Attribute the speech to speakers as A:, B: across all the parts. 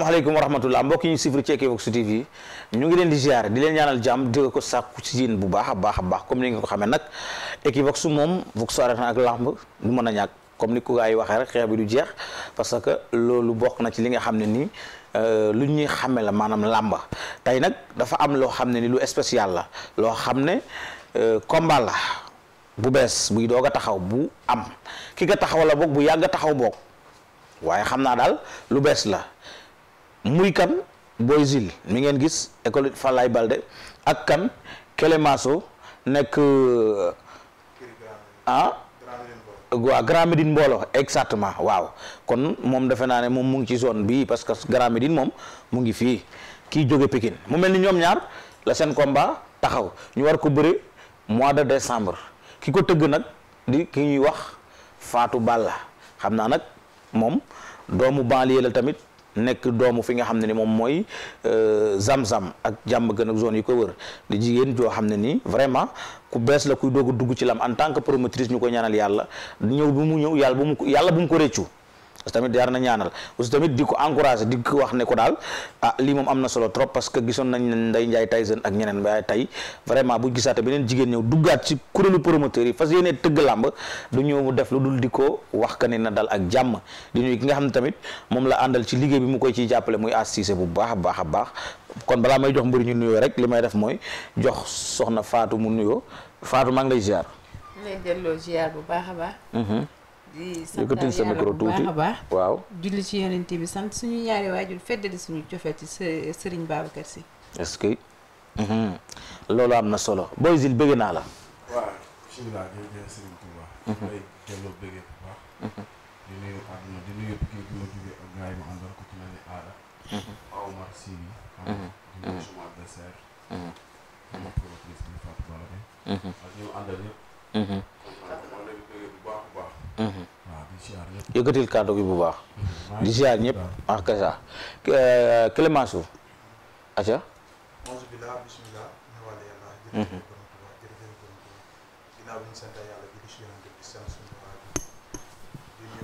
A: asalaamaaleykum wa rahmatullah mbokk yi ñu suivre ci Equivox TV ñu ngi leen di ziar di leen ñaanal jàmm di ko sàkku ci yéen bu baax a baax a baax comme ni nga ko xamee nag Equivox moom Vox Arena ak làmb du mën a ñàkk comme ni ko gars yi waxee rek xeex bi du jeex parce que loolu bokk na ci li nga xam ne nii euh, lu ñuy xame la maanaam làmba tey nag dafa am loo xam ne ni lu spécial la loo xam ne euh, combat la bu bees buy doog a taxaw bu am ki nga taxaw la boog bu yàgg a taxaw boog waaye xam naa daal lu bees la muy kan Boy Jules mi ngeen gis école Falaye Balde ak kan Kelemaso nekk euh, ah waaw Grand Médine mboolo exactement waaw kon moom defe naa ne moom mu ngi ci zone bii parce que Grand Médine moom mu ngi fii kii jóge Pikine mu mel ni ñoom ñaar la seen combat taxaw ñu war ko bëre mois de décembre ki ko tëgg nag di ki ñuy wax faatu Balla xam naa nag moom doomu banlieue la tamit nekk doomu fi nga xam ne ni moom mooy euh, zam-zam ak jàmm gën ak zone yi ko wër di jigéen joo xam ne nii vraiment ku bees la kuy doog dugg ci lam en tant que promotrice ñu ko ñaanal yàlla ñëw bu mu ñëw yàlla bu mu yàlla bu mu ko réccu parce que tamit jaar na ñaanal aussi tamit di ko encouragé di ko wax ne ko daal ah lii moom am na solo trop parce que gisoon nañ ne Ndeye Ndiaye Tyson ak ñeneen waaye tey vraiment bu gisaate beneen jigéen ñëw duggaat ci kuréelu promoteur yi fas yéene tëgg làmb du ñëw def lu dul di ko wax ka na dal ak jàmm di ñuy ki nga xam ne tamit moom la àndal ci liggéey bi mu koy ciy jàppale muy assisé bu baax a baax a baax kon balaa may jox mbëri ñu nuyoo rek li may def mooy jox soxna Fatou mu nuyoo Fatou maa lay ziar.
B: di sant sa micro tuuti waaw julli ci yonent bi sant suñu ñaari waajur feddali suñu cofee ci sëriñ Babacar si
A: est-ce que mhm. loolu am na solo Boy Jules bëgg naa la a
C: mhm.
A: baax mhm. yëkkatil kàddu gi bu baax. Mm-hmm. di ziar ñëpp mm-hmm. ak kasa euh, mm-hmm.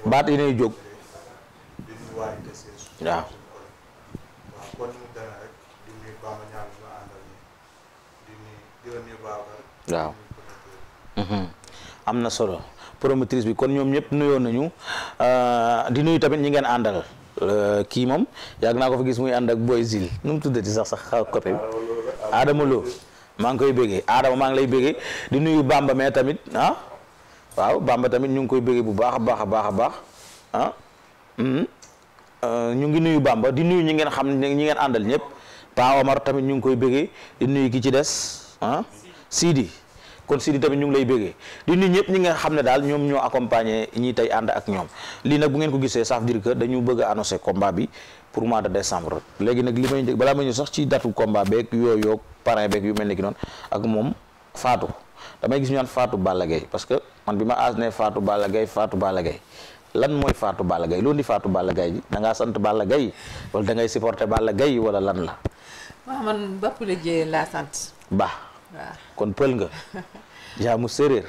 A: baat yi nay jóg. waaw waaw na solo. promotrice bi kon ñoom ñëpp nuyoon nañu euh, di nuyu tamit ñu ngeen àndal euh, kii moom yàgg naa ko fa gis muy ànd ak Boy Zil nu mu tuddati sax sax xaw copé bi Adama Lo maa ngi koy béggee Adama maa ngi lay béggee di nuyu bàmba mais tamit ah waaw Bamba tamit ñu ngi koy béggee bu baax a baax a baax a baax ah hmm, euh, ñu ngi nuyu Bamba di nuyu ñi ngeen xam ñi ngeen àndal ñëpp Pa Omar tamit ñu ngi koy bëggee di nuyu ki ci des ah Sidi. kon si di tamit ñu ngi lay bëggee di nuyu ñëpp ñi nga xam ne daal ñoom ñoo accompagner ñi tey ànd ak ñoom lii nag bu ngeen ko gisee ça veut dire que dañu bëgg a annoncer combat bi pour mois de décembre léegi nag li may njëkk balaa ma ñëw sax ci datu combat beeg yooyu parrain beeg yu mel ni ki noonu ak moom faatu damay gis ñu naan Fatou Balla Gaye parce que man bi ma aas ne Fatou Balla Gaye Fatou Balla lan mooy faatu Balla gay loolu di faatu Balla gay ji da ngaa sant Balla Gaye da ngay supporter Balla Gaye wala lan la.
B: waaw laa sant.
A: ba kon pël nga. jaamu séeréer.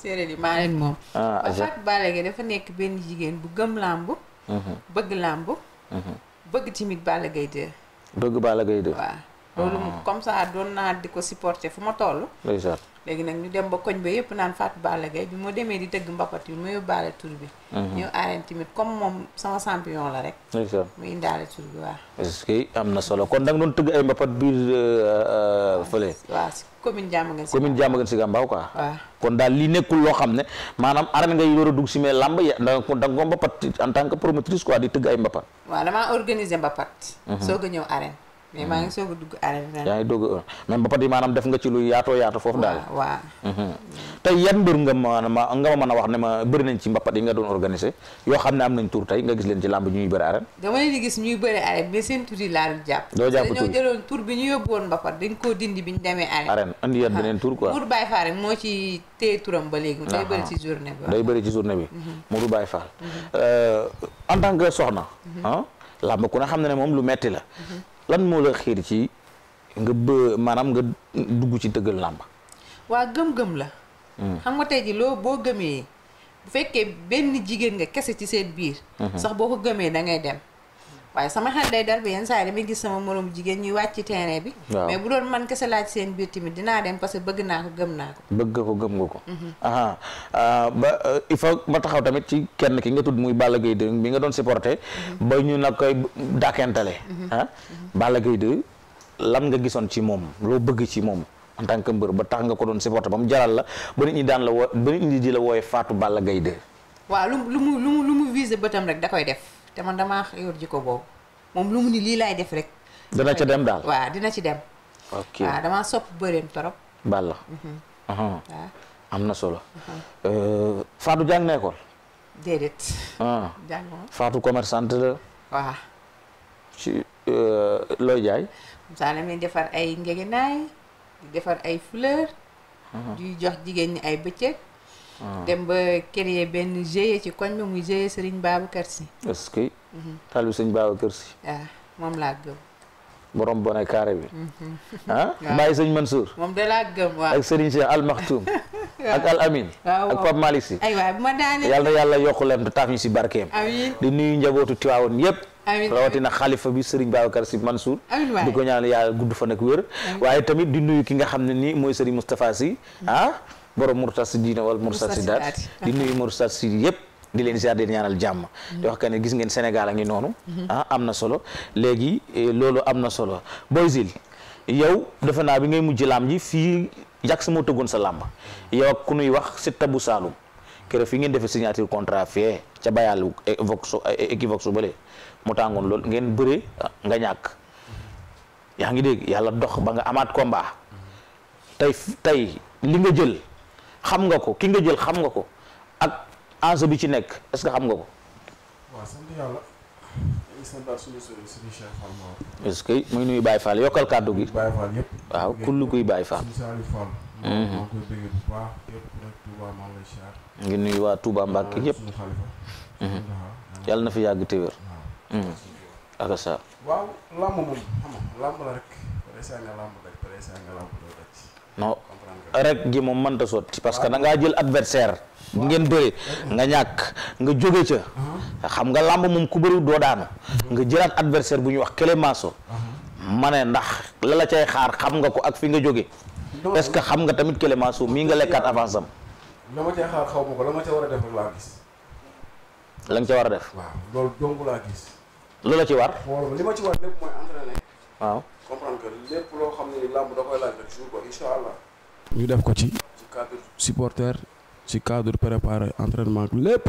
B: séeréer yi maa leen moom.
A: ah ba Fatou
B: Balaye dafa nekk benn jigéen bu gëm làmb. Mhm. bëgg làmb. Mhm. bëgg timit Balla Gaye 2.
A: bëgg Balla Gaye 2
B: loolu comme ça doon naa di ko supporter fu ma toll. léegi nag ñu dem ba koñ ba yëpp naan Fatou Balla Gaye bi moo demee di tëgg mbapat yu ma yóbbaale tur bi. Mhm. ñëw arène tamit comme moom sama champion la rek. mu indaale tur bi waaw.
A: parce que am na solo kon da nga doon tëgg ay mbapat biir euh, euh, fële. waaw si
B: commune Diamaguène Sicap commune
A: Diamaguène Sicap Mbao quoi. waaw kon daal li nekkul loo xam ne maanaam arène ngay door a dugg si mais làmb ya da nga ko da nga ko mbapat en tant ay mbapat.
B: waaw damaa mbapat. Mhm. soog a ñëw arène. mais maa ngi soog a dugg arène ren. yaa
A: ngi dugg même ba pare maanaam def nga ci lu yaatoo yaatu foofu daal. waaw waaw. Mhm. tey yan mbër nga ma ma nga ma mën a wax ne ma bëri nañ ci mbapat yi nga doon organisé yoo xam ne am nañ tur tey nga gis leen ci làmb ñu
B: yóbbu woon mbapat dañ koo dindi bi ñu demee arène.
A: arène yan beneen tur quoi. Mourou
B: Baye Fall rek moo ci téye turam ba léegi. day bëri ci journée bi day
A: bëri ci journée bi. Mhm. Mourou Baye Fall. Mhm. Euh, en tant que soxna. Ah, làmb ku ne xam ne moom lu metti la lan moo la xiir ci nga bë maanaam nga dugg ci tëggal làmb
B: waa gëm-gëm la hmm. xam nga tey ji loo boo gëmee bu fekkee benn jigéen nga kese ci seet biir hmm. sax boo ko gëmee da ngay dem waaye sama xel day dal bi yenn saa yi damay gis sama moroom jigéen ñuy wàcc ci terrain bi mais bu doon man kese laaj seen biir mi dinaa dem parce que bëgg naa ko gëm naa ko
A: bëgg ko gëm nga ko mhm. aha ah, ba il faut ma taxaw tamit ci kenn ki nga muy Balla Gaye 2 nga doon supporté mhm. ba ñu nag koy dàkkentale mhm. ah Balla Gaye lan nga gisoon ci moom loo bëgg ci moom en tant mbër ba tax nga ko doon supporté ba mu jaral la ba nit ñi daan la woo ba nit ñi di la wooye faatu Balla Gaye
B: 2 lu mu lu mu lu mu visé bëtam rek da koy def te man damaa yor jikko boobu moom lu mu ni lii laay def rek.
A: dana ci dem daal
B: waa dina ci dem. ok waaw damaa sopp bëreem torop.
A: balla. Mhm. am na solo. Mhm. Euh, Fatou jàng na école. déedéet. Ah. jàng moom Fatou commerçante la. waaw. ci euh, looy jaay.
B: Moussa muy defar ay ngegenaay di defar ay fleur. di jox jigéen ñi ay bëccëg. Ah. dem ba créer benn GIE ci koñ bi muy GIE Serigne Babacar si
A: est-ce que. taalibu Serigne Babacar Sy.
B: waaw mhm. ah, moom laa gëm.
A: borom bonnet carré bi. Mhm.
B: ah Mbaye Sëñ Mansour. moom de laa gëm ak
A: Serigne Cheikh Al Maktoum.
B: ak Al
A: Amin. ak Pape Malick Sy.
B: aywa bu ma daanee yàlla
A: yàlla yokku leen te taaf ñu si barkeem. amiin di nuyu njabootu Tiwaawoon yëpp.
B: amiin rawatina
A: xalifa bi sëriñ Babacar Sy Mansour. amiin waay di ko ñaanal yàlla gudd fa nag wér. waaye tamit di nuyu ki nga xam ne nii mooy Serigne Moustapha Sy. ah borom Mourtasidina wala Mourtasidaat di nuyu Mourtasid yëpp. di leen ziar di ñaanal jàmm. di wax que ne gis ngeen Sénégal a ngi noonu. Mhm. Ah, am na solo léegi eh, loolu am na solo Boy Jules yow defe naa bi ngay mujj laam ji fii Jax moo tëggoon sa làmb yow ak ku nuy wax si tabu Saloum keroog fi ngeen defee signature contrat fee ca Bayal eh, Vox eh, Equivox su bële. mu tàngoon lool ngeen bëree nga ñàkk yaa ngi dégg yàlla dox ba nga amaat ko combat tey tey li nga jël xam nga ko ki nga jël xam nga ko ak enjeu bi ci nekk est-ce que xam nga ko.
C: waaw sant yàlla.
A: est-ce que muy nuyu Baye Fall yokkal kàddu gi. Baye yëpp. waaw kullu kuy Baye Fall. Mhm. ngi nuyu waa Touba Mbacke yëpp. Mhm. yàlla na fi yàgg te ak sa
C: waaw la rek pressé nga làmb daj pressé
A: gi moom mënta sotti parce que da ngaa jël adversaire ngeen bëri nga ñàkk nga jóge ca uh-huh. xam nga làmb moom ku bëri doo daanu uh-huh. nga jëlaat adversaire bu ñuy wax Clémenceau uh-huh. ma ne ndax la la cay xaar xam nga ko ak fi nga jóge est-ce que xam nga tamit Clémenceau mii nga lekkaat avance am
C: la xaw ma ko war a def
A: rek ca war a def lu la ci war.
C: li ma ci war lépp mooy entraîner. waaw ñu def ko ci. ci cadre supporter ci cadre préparé entraînement lépp.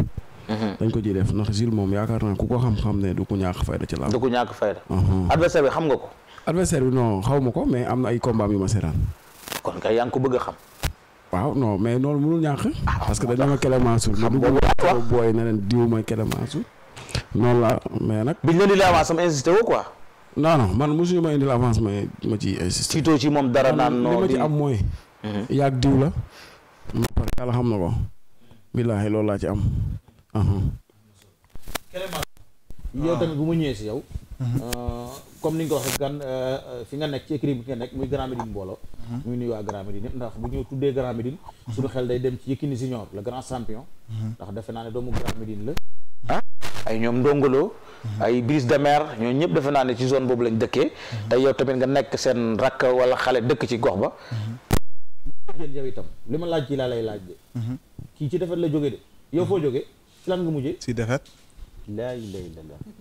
C: Mhm. dañ ko ciy def ndax Gilles moom yaakaar naa ku ko xam-xam ne du ko ñàkk fayda ci làmb. du ko ñàkk fayda. Mhm.
A: adversaire bi xam nga ko.
C: adversaire bi non xaw ma ko mais am na ay combat yu ma seeraan.
A: kon kay yaa ngi ko bëgg a xam.
C: waaw non mais loolu mënul ñàkk. Ah, parce que dañu ma Clémenceau. xam boobu booy ne leen diw noonu la mais nag. biñ la indi avance am
A: insisté woo quoi.
C: non man mosuñu ma indil avance ma ci insisté. surtout ci moom dara naan noo li ma ci am mooy. Mhm. yàgg diw la. ma pare yàlla xam na ko. billaahi loolu laa ci am. Mhm.
A: yow tamit bu ma ñëwee si yow. Mhm. Euh, comme ni nga ko waxee gan euh, fi nga nekk ci écurie bi nga nekk muy Grand Médine mbooloo mhm. muy nuyu waa Grand Médine yëpp ndax bu ñu tuddee Grand Médine mhm. suñu xel day dem ci Yékini Junior le grand champion mhm. ndax defe naa ne doomu Grand Médine la ah ay ñoom ndongolo ay brise de mer ñoo ñëpp defe naa ne ci zone boobu lañ dëkkee tey yow tamit nga nekk seen rakk wala xale dëkk ci gox ba jël yow itam li ma laaj ci laa lay laaj de kii ci defet la jóge de yow foo jóge ci lan nga mujjee si defet laa ilaha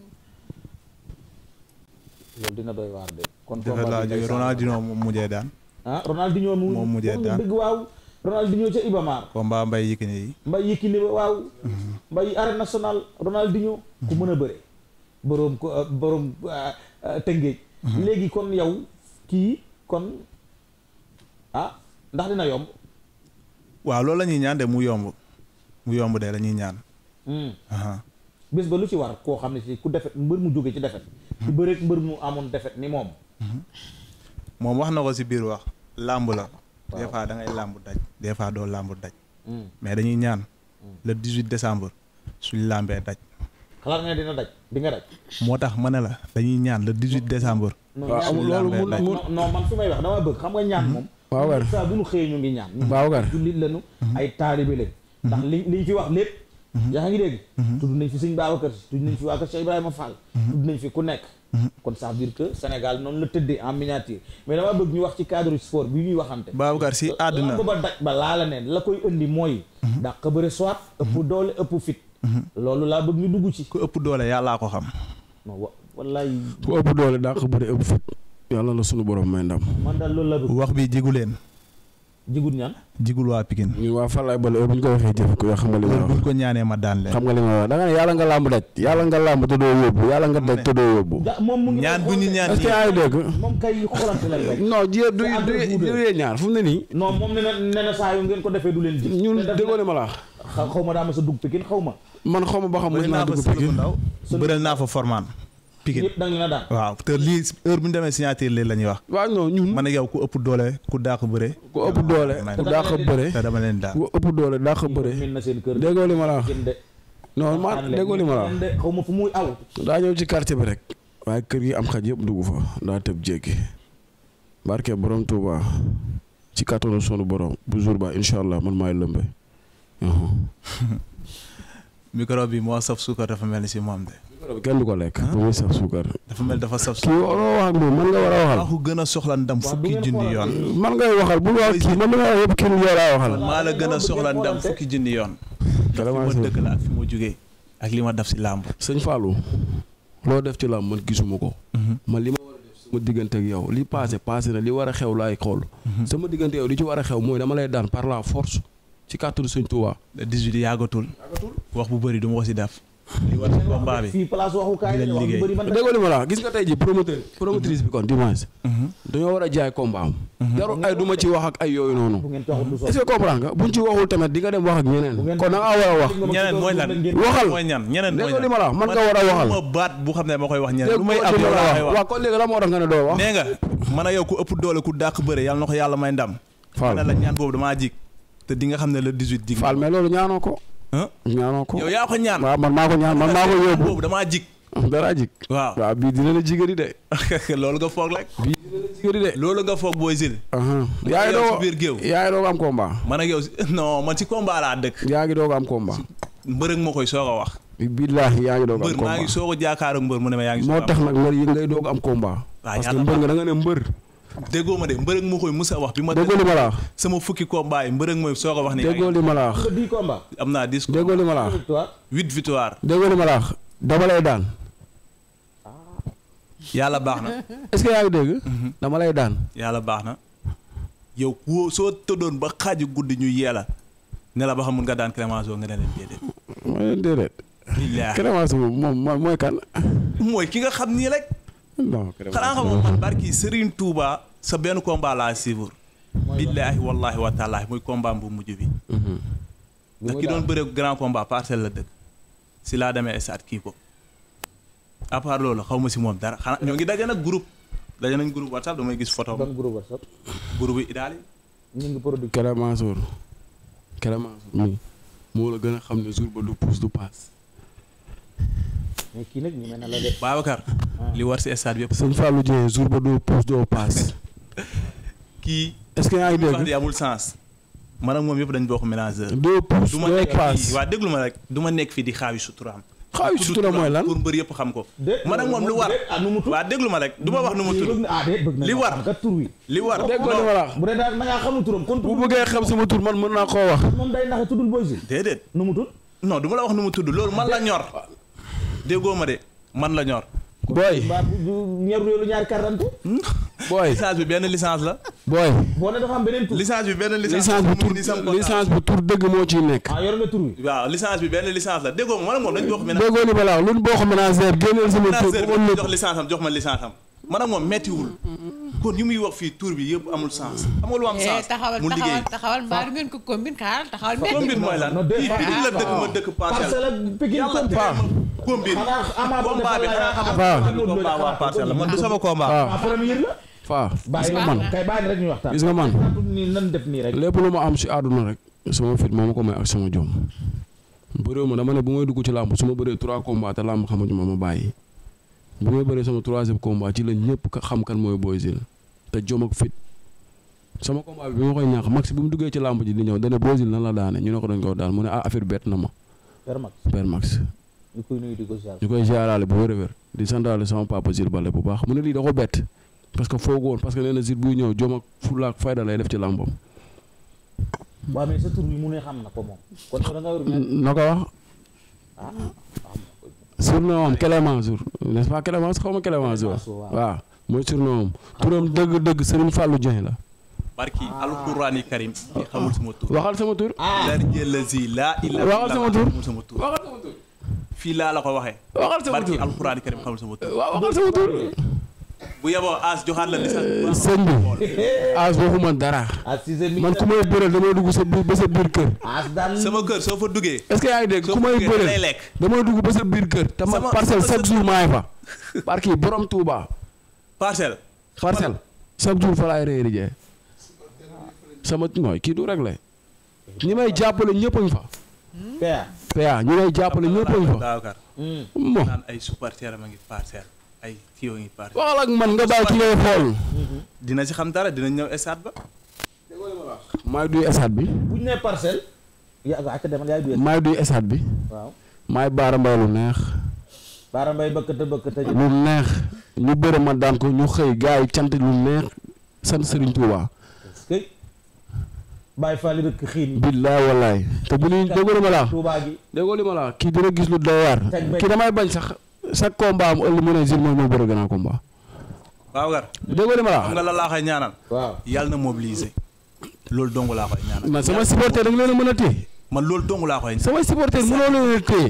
A: loolu dina doy waar de. kon combat bi Ronaldinho moom mujjee daan. ah Ronaldinho mu moom mujjee daan dëgg waaw. Ronaldinho ca Ibamar. combat mbay Yékini mhm. mën a bëre. ko ah, boroom ah, mhm. léegi kon yow kii ah, dina yomb. loolu la
D: ñuy mu yomb mu yomb de la ñaan.
A: Mm. bés ba lu ci war koo xam ne ci ku defet mbër mu jóge ci defet su bëreeg mbër mu amoon defet ni moom
D: moom wax na ko si biir wax làmb la
A: des fois da ngay làmb daj
D: des fois doo làmb daj hmm. mais dañuy ñaan hmm. le 18 décembre suñ làmbee daj
A: xalaat nga dina daj di nga daj
D: moo tax ma ne la dañuy ñaan le 18 décembre waaw loolu mu
A: non man su may wax dama bëgg xam nga ñaan moom waaw hmm. saa bu ñu xëyee ñu ngi ñaan waaw jullit lañu ay taalibe lañ ndax Mm-hmm. yaa ngi dégg mm-hmm. tudd nañ fi suñ Babacar si tudd nañ fi waa kër Cheikh mm-hmm. nañ fi ku nekk kon ça veut que Sénégal noonu la tëddee en miniature mais dama bëgg ñu wax ci cadre sport bi ñuy waxante Babacar si àdduna ba daj laa la neen la koy indi mooy dàq bëre soit ëpp doole ëpp fit loolu laa bëgg ñu dugg ci ku ëpp doole yàllaa ko xam wallaay
C: ku ëpp doole dàq bëre ëpp fit yàlla la sunu borom may ndam
D: man daal loolu la bëgg wax bi jigu leen jigul ñaan jigul waa Pikine ñun waa Falaye Baldé bu ñu ko waxee jëf ko yoo xam nga li ma ko ñaanee ma daan xam nga li ma wax
C: ne yàlla nga yàlla nga làmb doo yóbbu yàlla nga daj te doo yóbbu bu
A: ñu ñaan est-ce que yaa ngi dégg moom kay xolante ji du du du yee nii non moom na ne na ngeen ko defee du leen ji ñun déggoo ne ma la xaw ma daa ma sa dugg Pikine xaw ma man xaw ma ba xam mos naa dugg
C: Pikine bëral
D: naa fa formaan Pikine waaw te lii heure bu ñu demee signature lii la ñuy wax. waaw non ñun man ak yow ku ëpp doole ku daax bëre. ku ëpp doole ku daax bëre. te dama leen daan
C: ku
A: ëpp doole daax bëre. déggoo li ma la wax
C: non déggoo li ma la ma fu muy aw. daa ñëw ci quartier bi rek. waaye kër gi am xaj yëpp dugg fa daa tëb jéggi. barke borom Touba ci kattanu sunu borom bu jour ba incha allah man maay lëmbe.
D: micro bi moo saf suukar dafa mel ni si moom de. kenn ko lekk. bu muy saf suukar. dafa mel dafa saf suukar kii wax ak moom man nga war a waxal. ku gën a soxla ndam fukki junni yoon. man ngay waxal bu wax kii man a yëpp kenn yow laa waxal. maa la gën a soxla ndam fukki junni yoon. vraiment ma dëkk la ak fi jógee ak li ma def si
C: làmb. sëñ Fallou loo def ci làmb man gisuma ko. Mhm. man li ma war a sama diggante ak yow li passé passé na li war a xew laay xool. Mhm. sama diggante yow li ci war a xew mooy dama lay daan par la force. ci kàttanu Sëñ Tuubaa. le 18 yàggatul. yàggatul wax bu bëri du ma ko si def. li war ci combat bi dinañ la gis nga tey ji promoteur. promotrice bi kon du moins. Mhm. jaay combat am. Mhm. wax ak ay yooyu noonu. est wax kon da a wax. ñeneen mooy lan
D: waxal mooy ñan ñeneen la ne ma wax ñeneen. lu may am yow laa koy wax waaw kon léegi lan moo tax nga ne doo wax. nee nga man a yow ku ëpp doole ku dàq bëre yàlla na ko yàlla may ndam. faal la boobu damaa jik te di nga xam ne le 18. di faal mais loolu ñaanoo ko. ñaanoo ko yow yaa ko ñaan. waaw man maa ko ñaan man maa ko yóbbu boobu damaa jig. daraa jig. waaw waaw bii dina la jigéen de. loolu nga foog rek. bii dina la jigéen de. loolu nga foog booy zil. yaa ngi doog am combat. man ak yow non man laa dëkk. yaa ngi doog am combat. mbërëg moo koy soog a wax. billaahi yaa ngi doog am combat mbër maa ngi a jaakaaru ma yaa ngi. moo tax nag mbër yi
C: ngay doog am combat.
D: parce que mbër nga da nga ne mbër déggoo ma de mbërëg moo koy musa wax bi ma. déggoo li ma la wax sama fukki ko yi mbërëg mooy soo ko wax. ni déggoo li ma la wax dix combat naa dix. déggoo li ma la wax huit victoire. déggoo ma la dama lay daan. yàlla baax na. est-ce dégg.
C: Mhm. dama lay daan.
D: yàlla baax na. yow woo soo tëddoon ba xaaj guddi ñu yeela ne la ba xam mun nga daan Clémenceau nga ne leen déedéet. mooy leen
C: moom mooy kan.
D: mooy ki nga xam nii rek. xanaa xamoon man barki Serigne Touba sa benn combat laa suivre. billaahi wallaahi wa muy combat bu mujj bi. Mhm. ndax ki doon bëre grand combat parcelle la dëkk. si laa demee stade kii ko. à loolu xaw ma si moom dara xanaa ñoo ngi daje nag groupe. daje nañ group WhatsApp damay gis photo. ban groupe WhatsApp. groupe bi Idaali.
C: ñu ngi produit. moo la gën a xam ne jour ba du pousse du passe.
A: mais kii nag ñu mel na la def. Babacar. Ah. li war si stade bi yëpp. sëñ
C: Fallou Dieng jour ba doo pousse
D: doo passe. kii. est-ce que yaa ngi dégg li amul sens. man ak moom yëpp dañ bokk mélangeur. doo pousse doo passe waaw déglu ma rek du ma nekk fii di xaawi suturaam. xaawi sutura mooy lan pour yëpp xam ko. man ak moom lu war ah, waaw déglu ma rek du ma wax nu mu tudd. Ah, li war li war. dégg nga li ma la wax bu dee da ngaa xamul turam kon bu bëggee xam sama tur man mën naa koo
C: wax.
A: moom day déedéet nu mu tudd. non duma la wax nu mu tudd loolu man la ñor.
D: déggoo ma de man la ñor.
A: booy ñor lu ñaari karante.
D: booy licence bi benn licence la. boo ne dafa am beneen tur. licence bi benn licence bu tur licence bu
C: tur dëgg moo ciy nekk. bi.
D: Ah, waaw licence bi benn licence la déggoo ma man moom dañu boo ko ménagère génneel sama tur. ménagère jox licence am jox ma licence am. man ak moom méttiwul. kon ñu muy wax fii tur bi yëpp amul sens.
B: amul am eh, sens mu liggéey taxawal taxawal taxawal ngeen ko combine xaaral taxawal. mbedd mooy la dëkk ma dëkk
D: parcelle. parcelle ak combi bi sama combat premier la
C: faa gis man kay bàyyi rek ñu waxtaan man nan def lépp lu ma am si àdduna rek sama fit moo ma ko may ak sama jom bëréew ma bu may dugg ci su ma bëree trois combats te làmb xamuñu ma ma bàyyi bu may bëree sama troisième combat ci la ñëpp xam kan mooy Boy Jules te jom ak fit sama combat bi bi ma koy ñàkk max bi mu duggee ci làmb ji di ñëw dane Boy Jules nan la daane ñu ne ko dañ ko daan mu ne ah affaire bett na ma Père Max
A: ñu koy nuyu di bu wér a
C: wér di santaale sama papa Zil Bale bu baax mu ne lii da ko bett parce que foog woon parce que nee na Zil buy ñëw jom ak fulla ak fayda def ci làmbam.
A: waaw mais sa mu ne na ko moom. kon da nga war na ko wax. ah
C: surnom am Clément Jour nest pas Clément xaw ma Clément Jour waaw mooy surnom am turam dëgg-dëgg Serigne Fallou Dieng la.
D: barki alqurani waxal sama tur. waxal sama tur. Ah. fii laa la ko waxee. waxal sama tur barki alxuraan karim xamul bu yeboo As joxaat la message. dara. man ku may
C: bëreel damay dugg sa ba sa biir kër.
D: sama kër soo fa duggee. est-ce que
C: dégg ku may bëreel damay dugg ba sa biir kër. te ma parcelle chaque jour maay fa. parce que borom Touba. parcelle. parcelle chaque jour fa laay réeri jee sama nooy kii du réglé. ñi may jàppale ñëpp fa. PA ñu lay jàppale ñëpp mm. a
D: fa. bon ay supporter ma ngi ngi parcelle. waxal ak man nga bàyyi mm-hmm. dina ci xam dara dina ñëw stade ba.
C: maay duy stade bi. bu
D: ñu nee
A: parcelle. duy. maay bi. waaw
C: maay baara lu neex.
A: baara mbay bëkkate lu
C: neex ñu bëre ma daan ko ñu xëy gars yi cant lu neex sant Serigne Touba. bàyyi faa li te bu ñuy déggoo li ma la wax déggoo li ma kii dina gis lu doy kii damay bañ sax sa combat am ëllëg mu ne Jules mooy mooy bëri gannaaw combat.
D: waaw gar déggoo li ma la wax xam nga la laa koy ñaanal. na mobiliser. loolu dong laa koy man sama supporter rek leen a mën a téye. man loolu dong laa koy ñaanal. sama supporter mënoo leen a téye.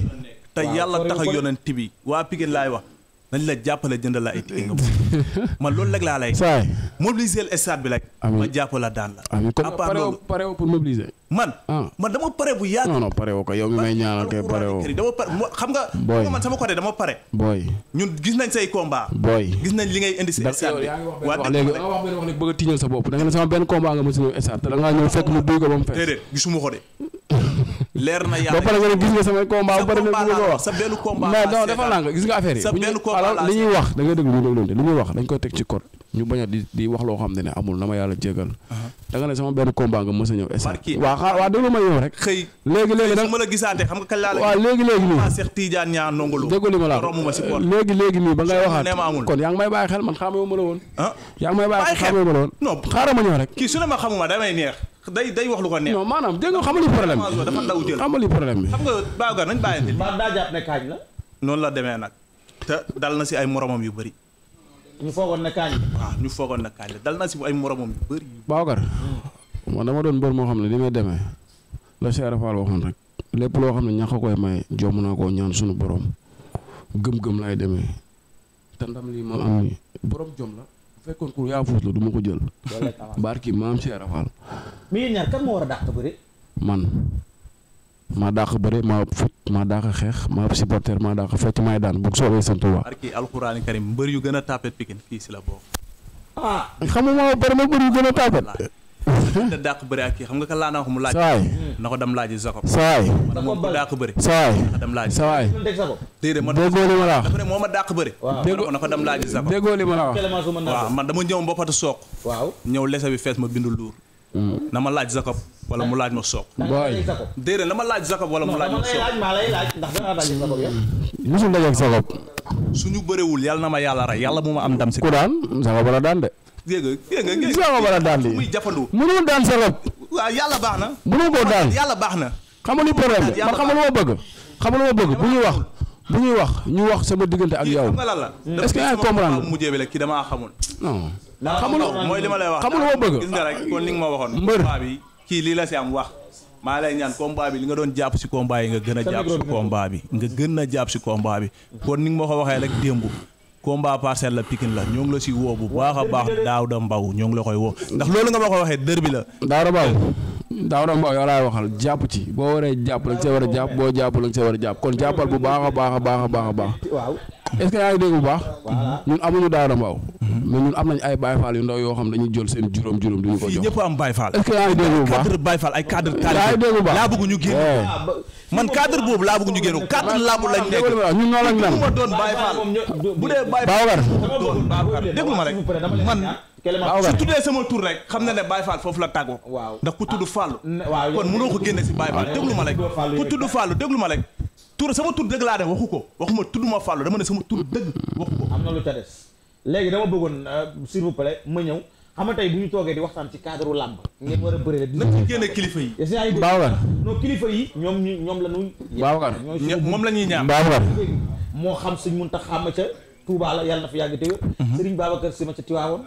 D: te yàlla tax ak yonent bi waa Pikine laay wax. nañ la jàppale jënd la ay ticket man loolu rek laa lay. saa mobiliser le stade bi rek. ma jàpp la daan la. amiin comme pare pare pour mobiliser. man.
C: Ah. man dama pare bu yàgg. non pare woo ko yow mi may ñaanal pare woo.
D: dama pare xam nga. ma man sama côté dama pare. booy ñun gis nañ say combat. booy gis nañ li ngay indi si stade bi. waa léegi da
C: nga bëgg a tiñal sa bopp da nga sama benn combat nga mos a ñëw stade te da ngaa ñëw fekk mu duy ko ba mu fees.
D: de. leer na yàlla ba gis nga samay combat ba pare nga ko wax sa benn combat non non dafa lànk gis nga affaire li ñuy wax
C: da ngay déglu ñu déglu li ñuy wax dañ koy teg ci code ñu bañ a di wax loo xam ne ne amul na ma yàlla jégal uh-huh. da nga ne sama benn combat nga mës a ñëw est waaw xaar waaw déglu ma yow rek xëy léegi léegi da
D: a xam nga kañ laa
C: nii ba ngay waxaat kon yaa ngi may bàyyi xel man xamewu ma la woon ah. yaa ngi may bàyyi xel xamewu ma la woon non xaaral ma ñëw
D: rek kii ma xamuma damay day day wax lu ko neex. maanaam dégg xamal problème problème bi.
A: xam nga baaw ga nañ bàyyi. baax daa jàpp ne kaañ
D: la. la demee nag. te dal na si ay moromam yu bëri.
A: ñu foogoon na kaañ la.
D: na kaañ dal na si ay moromam yu bëri.
C: Babacar man dama doon mbër moo xam ne li may demee la Cheikh Fall waxoon rek lépp loo xam ne ñax koy may jomm naa koo ñaan suñu borom gëm-gëm laay demee
A: te ndam lii ma am nii borom jom la
C: bu fekkoon ku yaa fuus la du ma ko jël. barki maam Cheikh Rafal.
A: mais yéen ñaar kan moo war a dàq bëri.
C: man maa dàq bëri maa fut maa dàq xeex maa supporter maa dàq fecc maay daan bu soobee sant waa.
D: barki alxuraani karim mbër yu gën a tapé Pikine fii si la bokk. ah
C: xamuma bëri ma mbër yu gën a tapé.
D: da dàq bëri ak kii xam nga ka laa na wax mu laaj na ko dem laaji Jacob sawaay moom ko dàq bëri sawaay na ko dem laaji sawaay déedéet man déggoo li ma la wax dafa ne moo ma dàq bëri na ko dem ma bi fees ma bindul luur mm. na ma laaj Jacob wala mu laaj ma sook déedéet na ma laaj Jacob wala mu laaj ma sook musul ndaje ak Jacob yàlla na ma yàlla rey yàlla mu ma am ndam si ku daan Jacob la daan de dégg sa dégg nga ma war a daan lii muy jafandu. mënul daan sa rob. waaw yàlla baax na. mënul koo daan yàlla baax na. xamal ni problème bi man xamal ma bëgg. xamal ma bëgg bu ñuy wax bu ñuy wax
C: ñu wax sama diggante ak yow.
D: est-ce que yaa ngi comprendre. mujjee bi la ki damaa xamul. non xamuloo mooy li ma lay wax. xamul ma bëgg gis nga rek kon ni nga ma waxoon. mbër bi kii lii la si am wax. maa lay ñaan combat bi li nga doon jàpp si combat yi nga gën a jàpp si combat bi nga gën a jàpp si combat bi kon ni nga ma ko waxee rek démb combat parcelle la Pikine la ñoom la si woo bu baax a baax Daouda Mbaw ñoo la koy woo ndax loolu nga ma ko waxee dër bi la. Daouda Mbaw Daouda Mbaw yow laay waxal
C: jàpp ci boo waree jàpp la nga see war a jàpp boo jàpp la nga see war a jàpp kon jàppal bu baax a baax a baax a baax. waaw est-ce dégg bu baax. ñun amuñu daara mbaaw. mais ñun am nañ ay Baye Fall yu ndaw yoo xam dañuy jël seen juróom-juróom duñu ko jox. fii ñëpp
D: am Baye Fall. est-ce dégg bu
C: baax ay cadre. yaa
D: ngi laa bëgg ñu génn. man cadre boobu laa bëgg ñu génn
A: cadre laabu lañ nekk. ñun noonu lañ nan ma doon Baye Fall. bu dee Baye Fall déglu ma rek man.
D: su tuddee sama tur rek xam na ne Baye Fall foofu la tàggoo. ndax ku tudd Fallu. kon mënoo ko génne si Baye déglu ma rek ku tudd Fallu déglu ma rek tur sama tur dëgg laa dem waxu ko waxuma
A: tudduma Fallou dama ne sama tur dëgg waxu ko am na lu ca des léegi dama bëggoon euh, s'il vous plaît ma ñëw xam nga tey bu ñu toogee di waxtaan ci cadre làmb ngeen war a bëri la nañ ci génne kilifa yi Babacar non yi ñoom ñu ñoom la ñu Babacar moom la ñuy ñaan Babacar moo xam suñ mun tax xama ca Touba la yàlla na fa yàgg te wér mhm. Serigne Babacar Sy ma ca Tiwaawoon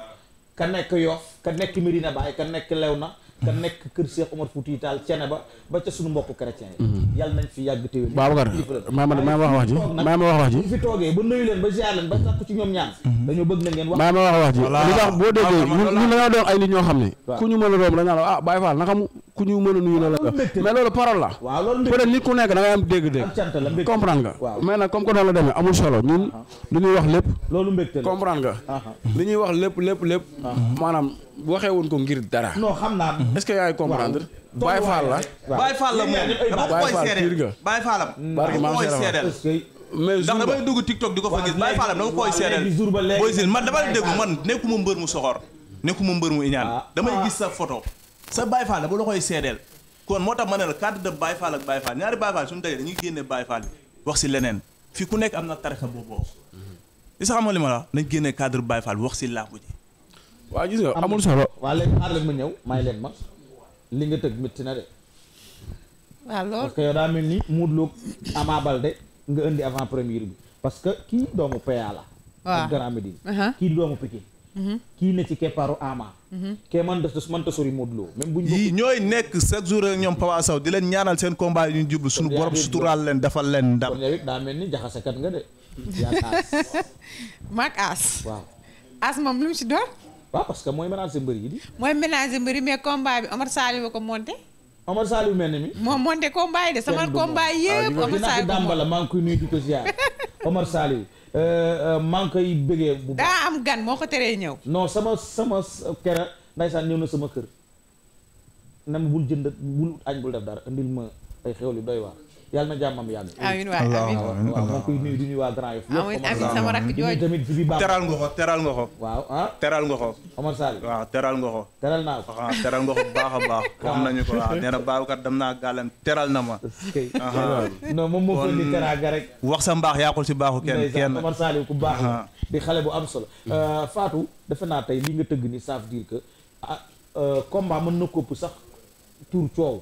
A: ka nekk Yoff ka nekk Medina Baye ka nekk lew na te nekk kër Cheikh Omar Fouti Tall cene ba ba ca suñu mbokk chrétien yi mhm. yàlla nañ fi yàgg téwé Babacar maa ma ma wax wax ji maa ma wax wax ji ñu fi toogee ba nuyu leen ba ziar leen ba sàkk ci ñoom ñaan mhm. dañoo bëgg na ngeen wax maa ma wax wax ji li tax boo doon
C: ay nit ñoo xam ne ku ñu mën a romb dañaa la ah Baye Fall naka mu ku ñu mën a nuyu na la mais loolu parole
A: la peut
C: nit ku nekk da ngay am dégg-dégg comprendre nga mais nag comme que noonu la demee amul solo ñun lu ñuy wax lépp comprendre nga li ñuy wax lépp lépp lépp maanaam waxee woon ko ngir dara non xam naa est-ce que yaay comprendre Baye Fall la Baye Fall la moom
D: Baye Fall pire hmm. mais ndax damay dugg TikTok di ko fa gis Baye Fallam dama koy seedeel Boy Zine man dama la déglu man nekkuma mbër mu soxor nekkuma mbër mu iñaan ah. damay ah. gis sa photo sa baay faal la dama la koy seedeel kon moo tax ma ne la cadre de Baye Fall ak Baye Fall ñaari Baye Fall suñu dajee dañuy génne Baye Fall wax si leneen fi ku nekk am na tarixa boobu wax li sax xamal li ma la nañ génne cadre Baye Fall wax si làmb ji.
A: waaw nga amul solo. waaw léegi aar leen ma ñëw leen ma li nga tëgg métti na de. waaw parce que yow daa mel ni Modou Lo Ama Baldé nga indi avant première bi parce que kii doomu PA la. Grand Médine. Uh-huh. kii doomu Pikine. kii ne ci keppaaru ama kee man def mënta sori Modou Lo même buñ yi ñooy nekk chaque jour ak ñoom Papa
D: Sow di leen ñaanal seen combat yi ñu jublu suñu borom suturaal leen defal leen ndam
A: yow daa mel ni jaxasekat nga de
B: yaa aas maag aas moom lu mu si door
A: waaw parce que mooy ménager mbëri yi di
B: mooy ménager mbëri mais combat bi Omar Saliou ko monté
A: Omar Saliou mel ni mi
B: moom monté combat yi de sama combat yëpp
A: Omar Saliou Euh, euh, maa ngi koy bëggee. bu
B: daa am gan moo ko teree ñëw.
A: non sama sama kera ndaysaan ñëw na sama kër. na bul jënd bul añ bul def dara indil ma ay xéwal yu doy wax yàlla na jàmmam yàgg. amiin waay amiin waaw maa ngi koy nuyu di nuyu waa Grand Yoff. amiin amiin sama rakk jooju tamit bi baax. teral nga ko teral nga ko. waaw ah teral nga ko. Omar
D: teral nga teral naa ko teral ngoxo ko baax a baax. wax nañu ko waaw nee na Babacar dem naa gàllam teral na ma.
A: non moom moo fën di teraanga rek.
D: wax sa mbaax yaakul si baaxu kenn kenn.
A: Omar Sall ku baax di xale bu am solo. Mm. Euh, Fatou defe naa tey li nga tëgg ni ça veut dire ah, euh, mën na kopp sax tur coow.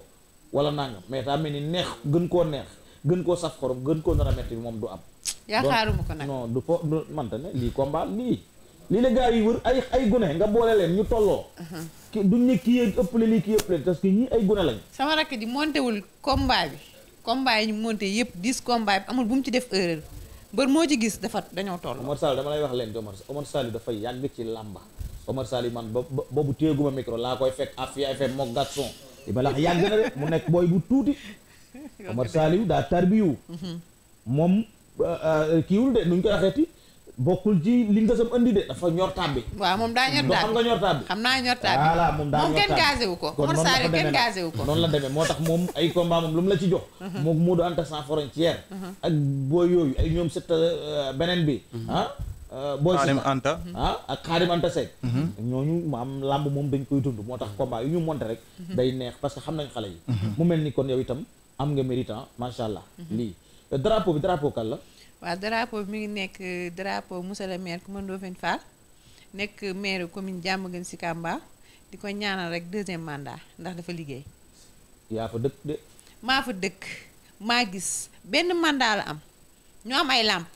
A: wala nangam mais daa mel ni neex gën koo neex gën koo saf xorom gën koo nar a metti moom du am. yaakaaruma ko nag non du po du mante ne lii combat lii. lii la gars yi wër ay ay gune nga boole leen ñu tolloo. Uh-huh. ki duñ ne kii yëg ëppale lii kii ëppale parce que ñii ay gune lañ.
B: sama rakk ji monté wul combat bi. combat yi ñu monté yëpp dix combat bi amul bu mu ci def erreur mbër moo ci gis dafa
A: dañoo toll. Omar Sall dama lay wax leen Omar Omar Sall dafay yàgg ci làmba Omar Sall man ba boobu téyeguma micro laa koy fekk Afia FM mook di eh, balax yàgg na de mu nekk booy bu tuuti Omar Saliou daa tarbiyu moom euh, euh, kiiwul de nuñ ko waxeeti bokkul ci li nga sam andi de dafa ñor tàbbi
B: waa moom daa ñor tàbbi xam nga ñor tàbbi
A: xam naa ñor tàbbi moom daa moom kenn gaasé ko Omar Saliou wu ko noonu la demee moo tax moom ay combat moom lu mu la ci jox moom Modou Anta sans frontière mhm. ak booy yooyu ay ñoom set euh, beneen bi mhm. ah Euh, booy xaarim Anta mhm. ah ak xaarim Anta Seck mhm. ñooñu maam làmb moom dañ koy dund moo tax combat yu ñu monté rek mhm. day neex parce que xam nañ xale yi mu mel ni kon yow itam am nga méritant ah, macha allah lii drapeau bi drapeau kan la
B: waaw drapeau bi mi ngi nekk euh, drapeau monsieur le maire Coumba Ndoffène Fall nekk maire commune jàmm Diamaguène si Mbao di ko ñaanal rek deuxième mandat ndax dafa liggéey
A: yaa fa dëkk de
B: maa fa dëkk maa gis benn mandat la am ñu am ay làmp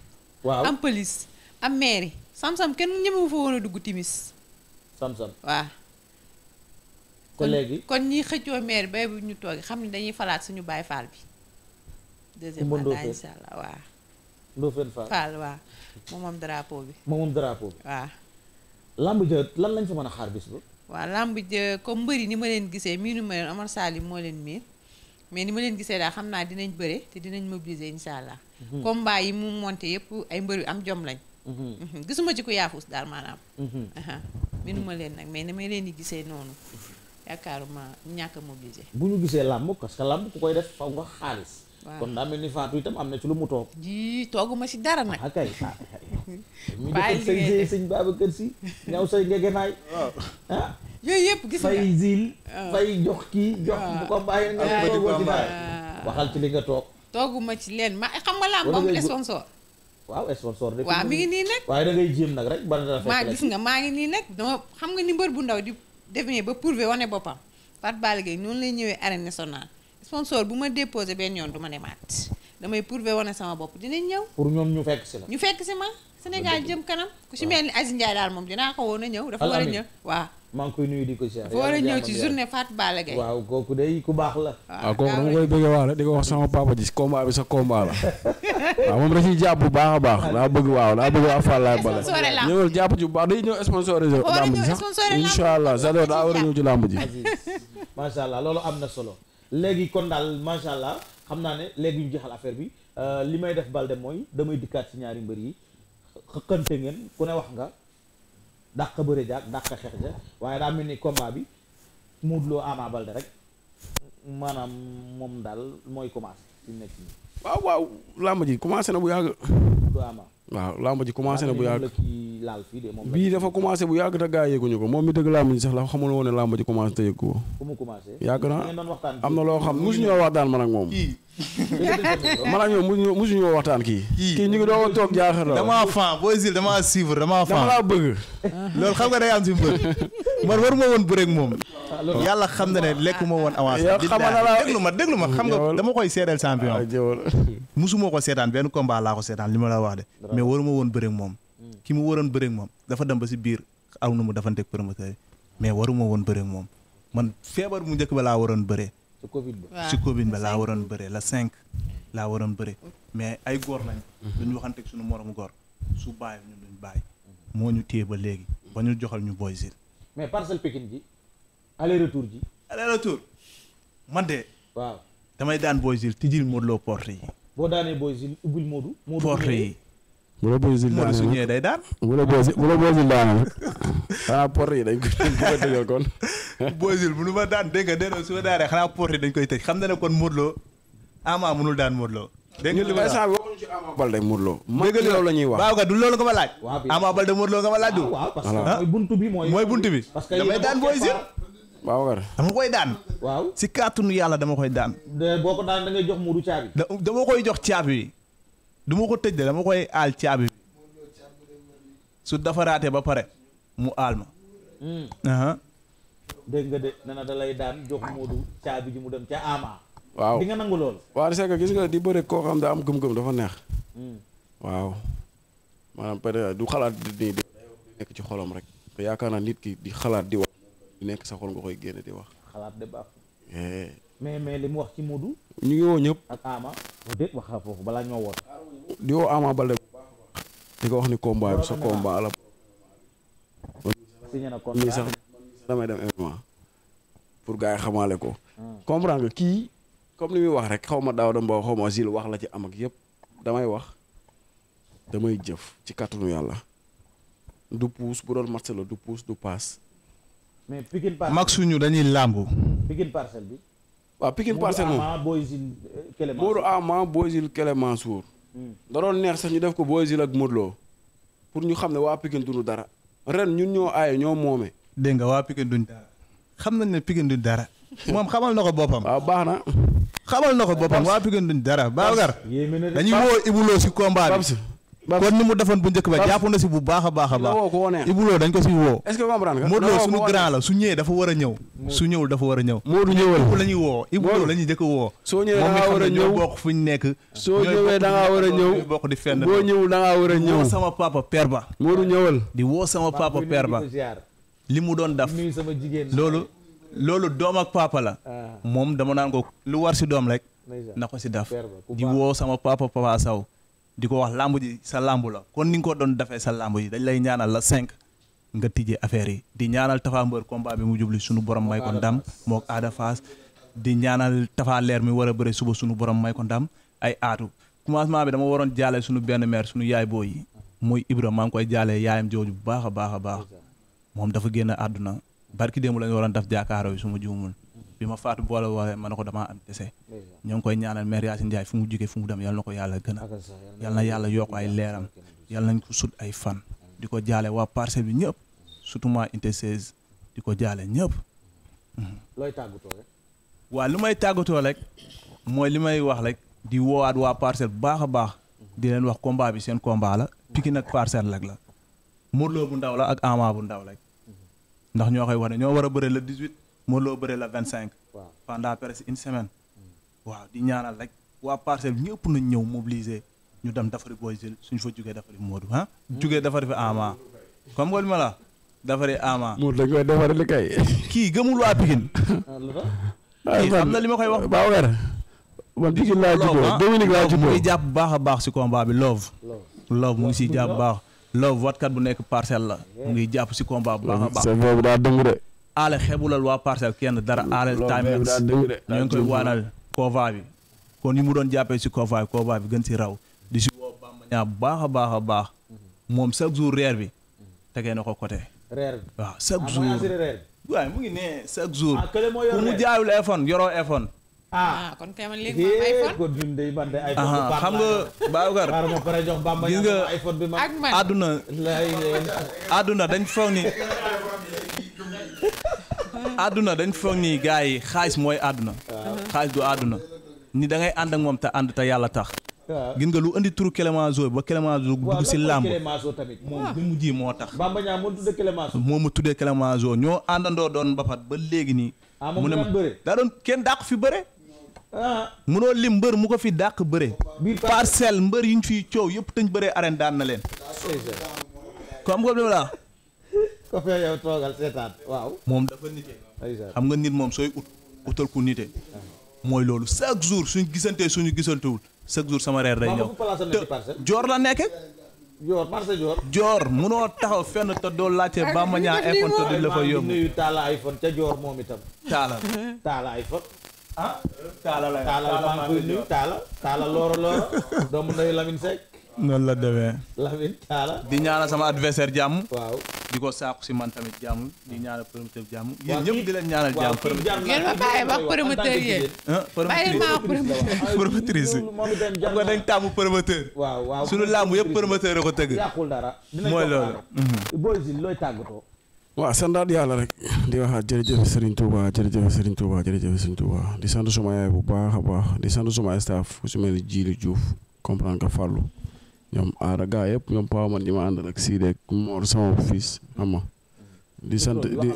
B: am police am mairie sam-sam kenn ñemewu fa woon dugg timis sam-sam waaw kon léegi kon ñi xëccoo mairie bay bu ñu toogee xam ni dañuy falaat suñu baay faal bi deuxième mandat insha allah waaw Ndofène moom moom drapeau bi
A: moom moom drapeau bi waaw lan lañ fa mën a xaar bis ba
B: waaw lamb jë comme mbëri ni ma leen gisee miinu ma leen Omar Salim moo leen miin mais ni ma leen gisee daal xam naa dinañ bëre te dinañ mobiliser insha allah mhm. combat yi mu monté yëpp ay mbër yu am jom lañ Mm-hmm. Mm-hmm. gisuma ci ku yaafus daal maanaam. Mm-hmm. minuma leen nag mais ni may leen di gisee noonu. yaakaaruma ñàkk a mobilisé. bu ñu gisee làmb parce que
A: làmb ku koy def faw nga xaalis. kon daa mel ni Fatou am na ci lu mu toog.
B: jii tooguma ci dara
A: nag. ah kay ah, bàyyi li ngay def sëñ Babacar si ñaw say ngegenaay. waaw ah. gis nga fay zil. Ah. fay jox kii jox ah. bu ko bàyyi nga toogoo ci dara waxal ci li nga toog.
B: tooguma ci leen ma xam nga làmb amul sponsor.
A: waaw sponsor de. waaw mi ngi nii nag waaye da ngay jéem nag rek ban maa gis nga
B: maa ngi nii nag dama xam nga ni mbër bu ndaw di demee ba prouver wane boppam Fatou Balla Gaye noonu lay ñëwee arène nationale sponsor bu ma déposé benn yoon du ma demaat damay prouver wane sama bopp dinañ ñëw.
A: pour ñoom ñu fekk si la. ñu
B: fekk si ma Sénégal jëm kanam. ku si mel ni Aziz Ndiaye daal moom dinaa ko woon a ñëw. dafa war a ñëw
A: waaw. maa koy nuyu di ko ziar. war a ñëw ci journée waaw kooku day ku baax la. Ah, ah, waaw kooku
C: dama koy bëgg waale di ko wax sama papa ji combat bi sa combat la. waaw moom da ciy jàpp bu baax a baax. daa bëgg waaw daa bëgg waa Fallaye Balla. ñëwal jàpp ci bu baax day ñëw sponsorisé lamb ji sax incha allah Zador daa war a ñëw ci lamb ji.
A: macha allah loolu am na solo léegi kon daal macha allah xam naa ne léegi ñu jeexal affaire bi euh, li may def balde mooy damay dikkaat si ñaari mbër yi xëkkante wax nga dàq bëre jaag dàq xeex ja waaye daa mel ni combat bi Modou Lo Ama Baldé rek maanaam moom daal mooy commencé fi mu nekk nii. waaw waaw làmb
C: ji commencé na bu yàgg. waaw làmb ji commencé na bu yàgg
A: bii dafa commencé
C: bu yàgg te gaa yéeguñu ko moom mi dëgg làmb ji sax la xamul woon ne làmb ji commencé te yëg ko yàgg na am na loo xam musu ñoo waxtaan man ak moom
D: man ak
C: ñoom musu ñoo waxtaan kii kii ñu ngi doog a toog
D: jaaxal damaa fan boo sil damaa suivre damaa fan dama bëgg loolu xam nga day am si mbër man waruma woon bëreeg moom yàlla xam na ne lekkuma woon avance déglu ma déglu ma xam nga dama koy seedeel champion ah, musuma ko seetaan benn combat laa ko seetaan li ma la wax de mais waruma woon bëre ak moom hmm. ki mu waroon bëre ak moom dafa dem ba si biir aw na mu dafanteeg promoteur yi mais waruma woon bëre moom man feebar mu njëkk ba laa waroon bëree si Covid ba laa waroon bëree la cinq laa waroon bëree mais ay góor lañ hmm. duñu waxante sunu moromu gor su bàyyi ñun duñ bàyyi moo ñu téye ba léegi ba joxal ñu boy sil
A: aller retour ji. aller man de. waaw
D: damay daan Boy Jules tijjil Modou Lo porte yi.
A: boo daanee Boy Jules ubbil Modou. Modou porte yi.
D: mu la Boy Jules daan su ñëwee day daan. mu la Boy Jules yi dañ ko tëjal kon. Boy ma daan dégg su ma daanee xanaa porte yi dañ koy tëj xam na ne kon Modou Lo Ama daan Modou Lo. dégg nga li ma la
C: ci Ama Balde Modou Lo. dégg nga la ñuy
D: wax Lo nga ma laaj du. Ah, waaw parce que mooy
A: buntu bi mooy. mooy
D: buntu bi. daan Boy Babacar dama koy daan. waaw si kàttanu yàlla dama koy daan. boo ko daan da ngay jox Modou caabi. dama koy jox caabi bi du ko tëj de dama koy aal caabi bi su defaraatee ba pare mu aal ma.
A: Hmm. dégg nga de nana da lay daan jox du caabi ji mu dem ca Ama.
C: waaw di nga nangu lool. waaw c'est que gis nga di bëre koo xam daa am gëm-gëm dafa neex. Hmm. waaw maanaam peut-être du xalaat nit ñi di nekk ci xolam rek te yaakaar naa nit ki di xalaat di wax. nekk sa xol nga koy génne di wax. xalaat de baax. Eh.
A: mais mais li mu wax ci Modou. ñu ngi woo ñëpp. ak Ama. déet foofu balaa ñoo woot.
C: di woo Ama Baldé bu di ko wax ni combat bi sa combat la.
A: signé na sax
C: damay dem événement pour gaa yi xamaale ko. Hmm. comprendre nga kii comme li muy wax rek xaw ma daaw da mbaa xaw ma zil wax la ci am ak yëpp damay wax damay jëf ci kàttanu yàlla. du puus bu doon match la du puus du paas.
A: mais Pikine parcelle mag suñu
D: dañuy
C: làmbu.
A: Pikine parcelle bi.
C: waaw Pikine parcelle moom
A: euh, Modou
C: Ama Boyzil Kélé Mansour hmm. da doon neex sax ñu def ko Boyzil ak Modou Lo pour ñu xam ne waa Pikine duñu dara ren ñun ñoo aaye ñoo moome. dégg
D: nga waa Pikine duñ dara. xam nañ ne Pikine duñ dara. moom xamal na ko boppam. waaw baax na. xamal na ko boppam waa Pikine duñ dara. Babacar
A: dañuy woo Ibou si combat bi.
C: kon ni mu
D: defoon bu njëkk ba jàpp na si bu baax a baax a baax Ibou dañ ko si woo est-ce que comprendre grand la su ñëwee dafa war a ñëw su ñëwul dafa war a ñëw Modou ñëwal Ibou la ñuy woo Ibou la ñuy njëkk woo soo ñëwee da ngaa war a fu ñu nekk soo ñëwee war a ñëw bokk di fenn boo ñëwul da ngaa a ñëw sama papa père ba Modou ñëwal di woo sama papa père ba li mu doon daf loolu loolu doom ak papa la ah. moom dama naan ko lu war si doom rek na ko si daf di woo sama papa papa saw di ko wax làmb ji sa làmb la kon ni nga ko doon defee sa làmb yi dañ lay ñaanal la cinq nga tijjee affaire yi di ñaanal Tapha Mbeur combat bi mu jubli sunu borom may ko ndam moog Ada di ñaanal Tapha Leer mi war a bëre suba sunu borom may ko ndam ay aatu commencement bi dama waroon jaale sunu benn mère sunu yaay boo yi muy Ibra maa ngi koy jaalee yaayam jooju bu baax a baax a baax moom dafa génn àdduna barki démb la ñu waroon def jaakaaro yi su ma juumul bi ma faatu boole woowee ma ne ko damaa am dese ñoo ngi koy ñaanal maire Yacine Ndiaye fu mu jógee fu mu dem yal na ko yàlla gën yal na yàlla yokk ay leeram yal nañ ko sut ay fan di ko jaale waa parcel bi ñëpp surtout ma inte 16 di ko jaale ñëpp
A: looy tàggatoo rek
D: waa may tàggatoo rek mooy li may wax rek di woowaat waa parcelle bu baax a baax di leen wax combat bi seen combat la Pikine ak parcelle rek la Modou bu ndaw la ak Ama bu ndaw rek ndax ñoo koy war ne ñoo war Modou loo bëre la vingt cinq pendant presque une semaine waaw di ñaanal rek waa parcelle bi ñëpp nañ ñëw mobiliser ñu dem dafari Boy Jules suñ fa jugee dafari Modou ah hmm. jugee dafari fi Ama comme nga li ma la dafari Ama Modou lañ koy defari li kay kii gëmul waa Pikine ah, ah, kii na li ma koy wax ba weer man Pikine laa juddoo ah. Dominique laa juddoo baax baax si combat bi love love mu ngi siy jàpp baax love watkat bu nekk parcelle la mu ngi jàpp si combat bu baax a baax boobu daa dëng de aale xebulal waa parcelle kenn dara aale time ñoo ngi koy waanal koova bi kon yi mu doon jàppee si koova bi koova bi gën si raw di si woo Bamba ñaa baax a baax a baax moom chaque jour reer bi tegee na ko côté
A: reer bi waaw
D: chaque jour waaye mu ngi nee chaque jour ah, ku mu jaayul iPhone yoroo iPhone ah,
B: ah kon kay man
D: léegi
A: ma xam nga Babacar ma pare jox Bamba gis nga iPhone bi ma àdduna dañ foog ni
D: àdduna dañ foog nii gaa yi xaalis mooy àdduna. xaalis du àdduna. ni da ngay ànd ak moom te ànd te yàlla tax. gis nga lu andi turu Clémenceau ba Clémenceau dugg si làmb
A: moom ah. bi mu ji moo tax. Bamba Niang moo tuddee Clémenceau.
D: moo ma tuddee Clémenceau ñoo àndandoo doon bapat ba léegi nii. Ah, mu ne ma daa doon kenn dàq fi bëre. Ah. mënoo lim mbër mu ko fi dàq bëre. parcelle mbër yi ñu fi coow yëpp tëñ bëree arène daan na leen. comme comme li ma la
A: ko fee yow toogal seetaan waaw. moom xam nga
D: nit moom sooy ut utal ko nite ah. mooy loolu chaque jour suñ gisantee suñu gisantewul chaque jour sama reer day ñëw
A: te joor la nekk joor marché joor joor munoo taxaw fenn te doo laajte ah, ba ma ñaa iphone te duñ la fa yóbbu nuyu taala iphone ca joor moom itam taala taala iphone ah taala la taala maa ngi koy nuyu taala taala
D: looro noonu
A: la demee. Lamine
D: Talla. di ñaanal sama adversaire jàmm. waaw di ko saako si man tamit jàmm di ñaanal promoteur jàmm. waaw yéen ñëpp di leen ñaanal jàmm. ngeen ma bàyyi waaw waaw sunu làmb yëpp promoteur
C: la ko tëgg.
A: dara mooy loolu. Mhm. Boy
C: Jules sandaat yàlla rek di waxaat jërëjëf Serigne Touba jërëjëf Serigne Touba jërëjëf Serigne Touba di sant suma bu baax a baax di sant suma staff ku si mel ni Djili Diouf nga Fallou ñoom aara gaa yëpp ñoom Paa man ñi ma àndal ak Sidi ak Mor sama fils xam di sant di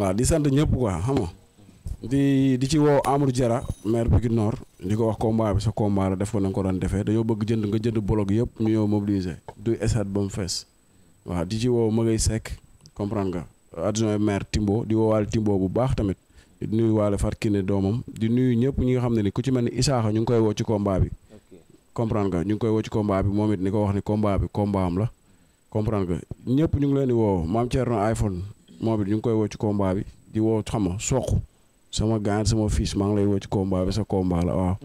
C: waaw di sant ñëpp quoi xam nga di di ci woo Amadou jara maire Pikine Nord ko wax combat bi sa combat la def ko na nga ko doon defee dañoo bëgg jënd nga jënd bloc yëpp ñu ñëw mobiliser du esat ba mu fees waaw di ci woo ma ngay sekk comprendre nga adjoint maire Timbo di woowaale Timbo bu baax tamit di nuyu waale Fatkine doomam di nuyu ñëpp ñu nga xam ne ni ku ci mel ni Isaaxa ñu ngi koy woo ci kombaa bi comprendre nga ñu ngi koy woo ci combat bi moom it ni ko wax ni combat bi combat am la ñu ngi leen di woo maam Thierno iPhone moom it ñu ngi koy woo ci combat bi di woo xam soq sama gaan sama fils maa ngi lay woo ci bi sa combat la waaw.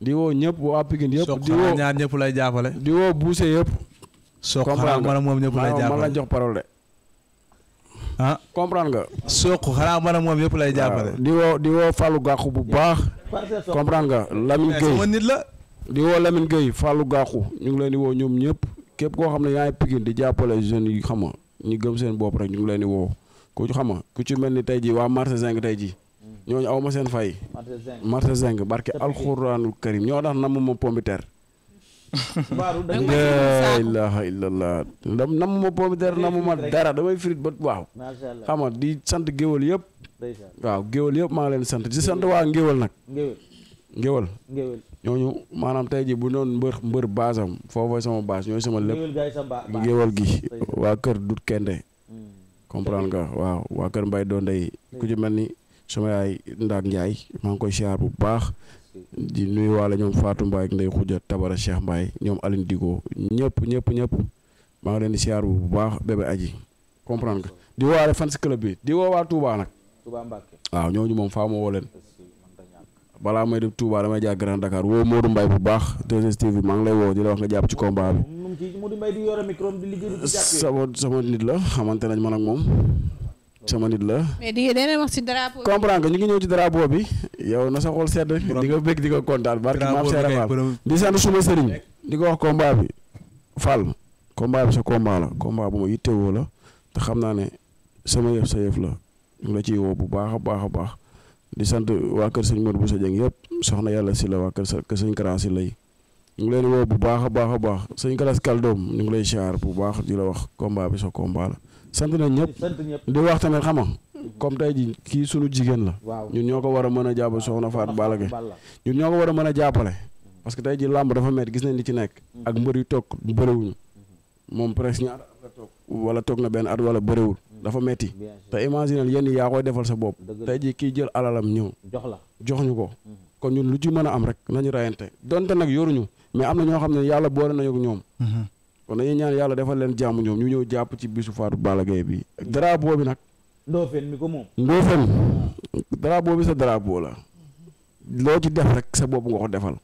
C: di woo ñëpp waa Pikine yëpp. di woo ñaar ñëpp lay jàppale. di woo Bousse yëpp. soq xanaa man moom ñëpp lay jàppale la jox parole de. ah comprendre bu baax. Eh, la. di woo Lamine Gueye Fallou Gakou ñu ngi leen di woo ñoom ñëpp képp koo xam ne yaa ngi Pikine di jàppale jeune yu xam nga ñu gëm seen bopp rek ñu ngi leen di woo ku ci xam nga ku ci mel ni tey ji waa marché zinc tey jii ñooñu aw ma seen fay. marché zinc barke alxuraanul karim ñoo tax namm ma pombiteer. laa ilaaha illallah ndam namm ma pombiteer namm ma dara damay frit ba waaw. xam di sant géwal yëpp. waaw géwal yëpp maa ngi leen sant di sant waa ngéwal nag. ngéwal. ñooñu maanaam tey jii bu doon mbër mbër baasam foofu sama baas ñooy sama lépp géwal gi waa kër dut kende comprendre nga waaw waa kër mbay doon day ku ci mel ni sama yaay ndaak njaay maa ngi koy siyaar bu baax di nuyu waale ñoom Fatou Mbaye ak Ndeye Khoudia Tabara Cheikh Mbaye ñoom Aline Digo ñëpp ñëpp ñëpp maa ngi leen siyaar bu baax bébé aji comprendre nga di woowaale fans club bi di woowaa Touba nag waaw ñooñu moom faa ma balaa may def Touba damay jaar Grand Dakar woo Modou Mbaye bu baax 2STV maa ngi lay woo di la wax nga jàpp ci combat bi. Modou nit la xamante nañ man ak moom sama nit la. mais di ngeen ngi ñëw ci drapeau bi yow na sa xol sedd. di nga bëgg di nga kontaan barki maam Seera Fall di sant di ko wax combat bi Fall combat sa combat la combat bu ma yittewoo la te xam naa ne sama yëf sa yëf la ñu la ciy woo bu baax a baax a baax. di sant waa kër sëñ Modou Bousso Dieng yëpp soxna yàlla si la waa kër sa kër sëñ Kara si lay ñu ngi leen woo bu baaxa a baax a baax sëñ Kara Kaldoom ñu ngi lay siyaar bu baax di la wax combat bi sa combat la sant nañ ñëpp di wax tamit xam nga comme tey ji kii sunu jigéen la ñun ñoo ko war a mën a jàpp soxna Faat Balage ñun ñoo ko war a mën a jàppale parce que tey ji làmb dafa met gis nañ li ci nekk ak mbër yu toog bëriwuñu moom presque ñaar toog wala toog na benn at wala bëriwul dafa metti te imaginal yenn yaa koy defal sa bopp tey jii kii jël alalam ñëw jox la jox ñu ko mhm. kon ñun lu ci mën a am rek nañu rayante donte nag yoruñu mais am na ñoo xam ne yàlla boole nañu ko ñoom mhm. kon dañuy ñaan yàlla defal leen jàmm ñoom ñu ñëw jàpp ci bisu Fatou Balla Gaye bi drapeau bi nag
A: Ndofène mi ko moom
C: Ndofène drapeau bi sa drapeau la loo ci def rek sa bopp nga ko defal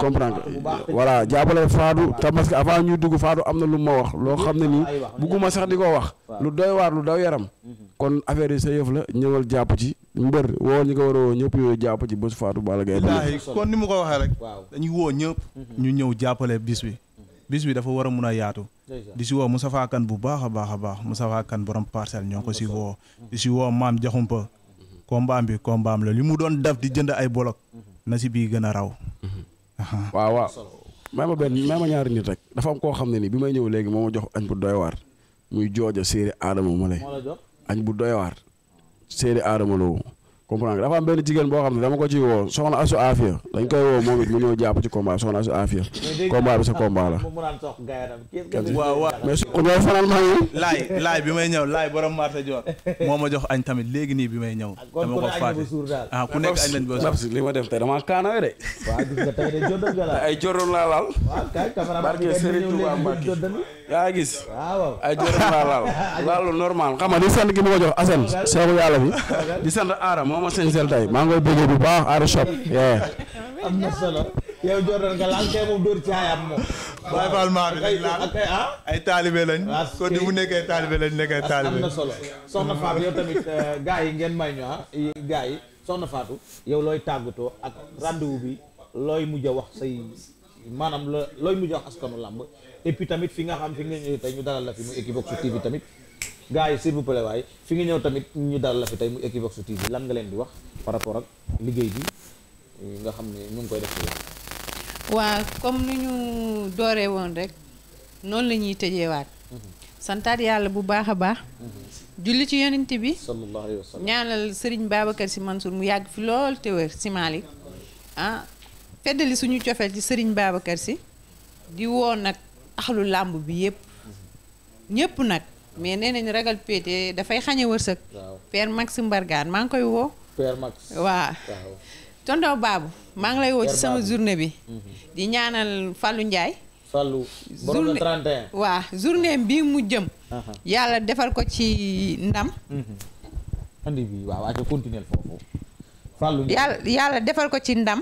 B: comprendre voilà jàppale Fadou te
C: parce que avant ñuy dugg Fadou am na lu ma wax loo xam ne nii bugguma sax di ko wax lu doy waar lu daw yaram mhm. kon affaire yi sa yëf la ñëwal jàpp ci mbër woo ñi ko war ñëpp yooyu jàpp ci bés Fadou Balla Gaye kon
D: ni mu ko waxee rek dañuy woo ñëpp mhm. ñu ñëw jàppale bis bi mhm. bis bi dafa war a mun a yaatu di si woo Moustapha Kane bu baax a baax a baax Moustapha kan borom parcelle ñoo ko si woo di si woo maam jaxumpa combat bi combat am la li mu doon daf di jënd ay bolok na si bii gën a raw waaw waaw may ma benn may ma ñaari nit rek dafa koo xam ne ni bi may
C: ñëw léegi moo ma jox añ bu doy waar muy jooja séeri aadama ma lay añ bu doy waar séeri aadama comprendre dafa am benn jigéen boo xam ne dama ko ci woo soxna asu afia dañ koy woo moom it mu ñëw jàpp ci combat soxna asu afia combat bi sa combat laay laay
D: bi moo ma jox añ tamit léegi nii bi may ñëw ah, dama ko faate ah ku nekk añ lañ ba de
C: ay
A: joroon laa laal barke Serigne Touba
C: Mbacke yaa laalu normal xam nga di sant gi ma ko jox Assane seeru yàlla bi di sant aarama mooma sëñ sel tey maa ngoy bëggee bu baax aar shop yee
A: am na solo yow Jordan nga laal kee moom dóor caayam moom Baye Fall maa bi lañ laal
D: ah? ay taalibe lañ ah, kon di mu nekkee taalibe
A: lañ nekkee taalibe am na solo soxna Fatou yow tamit euh, gars yi ngeen may ñu ah gars yi soxna yow looy tàggatoo ak rendez bi looy mujj a wax say maanaam looy mujj a wax askanu làmb et puis tamit fi nga xam fi nga ñëw tey ñu dalal la fi mu Equivox TV tamit gars yi s'il vous plaît fi nga ñëw tamit ñu dal la fi tey mu Equivox bi lan nga leen di wax par rapport ak liggéey bi nga xam ne mu ngi koy def ci
B: waa comme ni ñu dooree woon rek noonu la ñuy tëjeewaat mhm. santaat yàlla bu baax a baax mhm. julli ci yonent bi sallallahu alayhi wa sallam ñaanal Serigne Babacar Sy Mansour mu yàgg fi lool te wér si ah, feddali suñu cofeel ci sëriñ Babacar si di woon nag axlu làmb bi yëpp mhm. ñëpp nag mais nee nañ ragal péete dafay xañe wërsëg. waaw père maa ngi koy woo. père Max waaw. tonton maa ngi lay woo ci sama journée bi. Mhm. di ñaanal Fallou Ndiaye. Fallou borom mhm. bii mu jëm. yàlla defal ko ci ndam. Mhm.
A: bi waaw waa ca
B: yàlla defal ko ci ndam.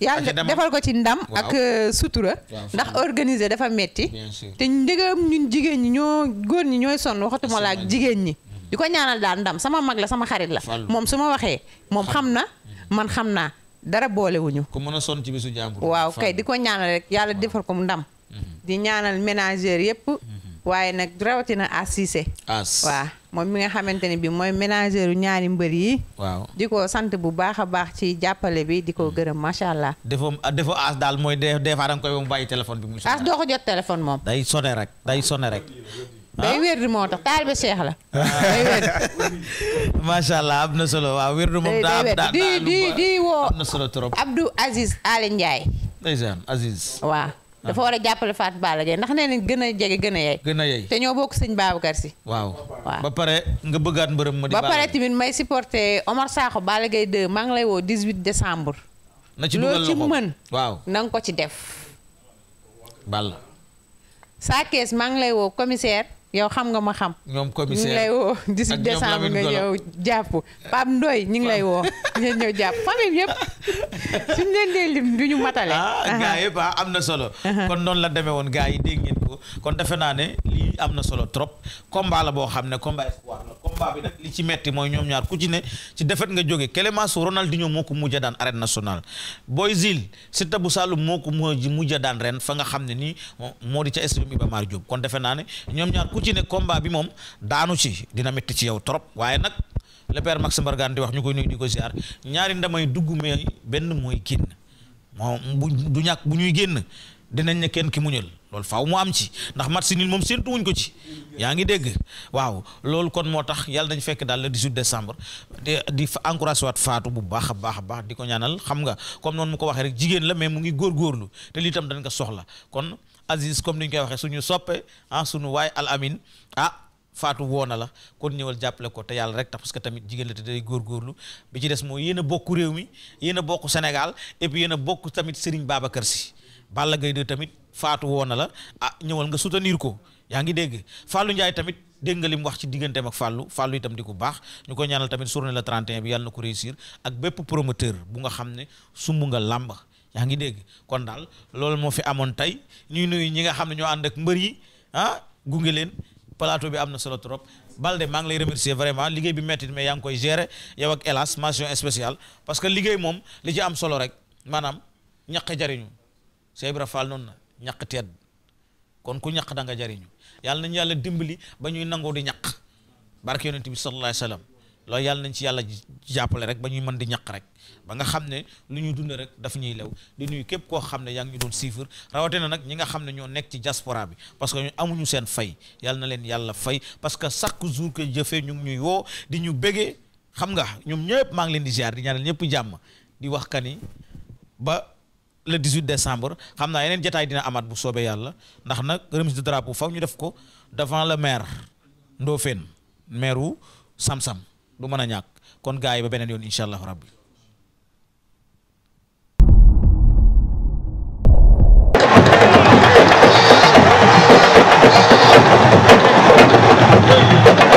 B: yàlla defal ko ci ndam ak euh, sutura ndax organiser dafa metti te ndegam ñun jigéen ñi ñoo góor ñi ñooy sonn waxatuma la ak jigéen ñi di ko ñaanal daal ndam sama mag la sama xarit la moom su ma waxee moom xam na man xam naa dara boolewuñu ku mën a sonn ci bisu jàmbur waaw kay di ko ñaanal rek yàlla defal ko mu ndam mhm. di ñaanal ménagère yépp mhm. waaye nag rawatina As Cissé As waaw moom mi nga xamante ne bi mooy ménageur yu ñaari mbër yi waaw di ko sant bu baax a baax ci jàppale bi di ko hmm. gërëm macha allah
A: defoo defoo As daal mooy des fois da nga koy bi mu As doo ko
B: jot téléphone moom day sone rek day sone rek day ah. moo tax taalibe Cheikh la
A: day allah am na solo waaw wérdu moom daa daa di woo am na solo trop
B: Abdou Aziz Alé Ndiaye
A: ndeysaan Aziz
B: waaw dafa war a jàppale faat bala Dieng ndax nee nañ gën a jege gën a yey. gën a yey te ñoo bokk sëñ Babacar si.
A: waaw waaw ba pare nga bëggaat mbërëm ma di. ba pare
B: tamit may supporter Omar Sakho Balla Gaye 2 maa ngi lay woo 18 décembre.
A: na ci dugal loxo loo ci mën. waaw
B: na nga ko ci def. Balla. Sa Thiès maa ngi lay woo commissaire. yow xam nga ma xam.
A: ñoom commissaire ñu ngi lay woo 18 décembre nga ñëw
B: jàpp Pape Ndoye ñu ngi lay woo ñu ñëw jàpp famille yëpp suñu leen dee lim du matale. ah gaa
A: yëpp ah, am na solo. kon noonu la demee woon gaa yi dégg ngeen ko kon defe naa ne lii am na solo trop combat la boo xam ne combat espoir combat bi nag li ci metti mooy ñoom ñaar ku ci ne ci défaite nga jóge Clémenceau Ronaldinho moo ko mujj daan arène nationale Boy Zil Siteu bu Saloum moo ko mujja daan ren fa nga xam ne nii moo di ca SBM Iba Mar Diop kon defe naa ne ñoom ñaar ku ci ne combat bi moom daanu ci dina metti ci yow trop waaye nag le père Max Mbargane di wax ñu koy nuyu di ko ziar ñaari ndamay dugg mooy benn mooy génn moom bu du ñàkk bu ñuy génn dinañ ne kenn ki muñal loolu faaw mu am ci ndax match si nil moom séntu wuñ ko ci yaa ngi dégg waaw loolu kon moo tax yàlla nañ fekk daal le 18 décembre di di encouragé waat faatu bu baax a baax a baax di ko ñaanal xam nga comme noonu mu ko waxee rek jigéen la mais mu ngi góorgóorlu te lii tam dañ ko soxla kon Aziz comme ni ñu koy waxee suñu soppee ah suñu waay al amin ah faatu woona la kon ñëwal jàppale ko te yàlla rek tax parce que tamit jigéen la te day góorgóorlu bi ci des mooy yéen a réew mi yéen a bokk Sénégal yéen a bokk tamit Serigne Babacar Sy Balla Gaye 2 tamit faatu woo na la ah ñëwal nga soutenir ko yaa ngi dégg Fallou njaay tamit dégg nga li mu wax ci digganteem ak Fallou Fallou itam di ko baax ñu ko ñaanal tamit journée la 31 bi yàlla na ko réussir ak bépp promoteur bu nga xam ne sumb nga làmba yaa ngi dégg kon daal loolu moo fi amoon tey ñuy nuyu ñi nga xam ne ñoo ànd ak mbër yi ah gunge leen plateau bi am na solo trop Balde maa ngi lay remercier vraiment liggéey bi métti mais yaa ngi koy gérer yow ak hélas mention que liggéey moom li ci am solo rek maanaam ñaq jariñu Cheikh Ibra Fall na ñaq teet kon ku ñaq da nga jariñu yàlla nañu yàlla dimbali ba ñuy nangoo di ñaq barke yonent bi sallallahu alayhi loolu yàlla nañ ci yàlla jàppale rek ba ñuy mën di ñaq rek ba nga xam ne lu ñu dund rek dafa ñuy lew di ñuy képp koo xam ne yaa ngi doon siifur rawatina nag ñi nga xam ne ñoo nekk ci diaspora bi parce que amuñu seen yàlla na leen yàlla fay parce que chaque jour que jëfee ñu ngi ñuy woo di ñu bégee xam nga ñoom ñëpp maa ngi leen di ziar di ñaanal ñëpp jàmm di wax ka ba le 18 décembre xam na yeneen jataay dina amaat bu soobee yàlla ndax na remise de drapeau faw ñu def ko devant le maire Ndofène maire wu du mën a ñàkk kon gars yi ba beneen yoon incha allahu rabbi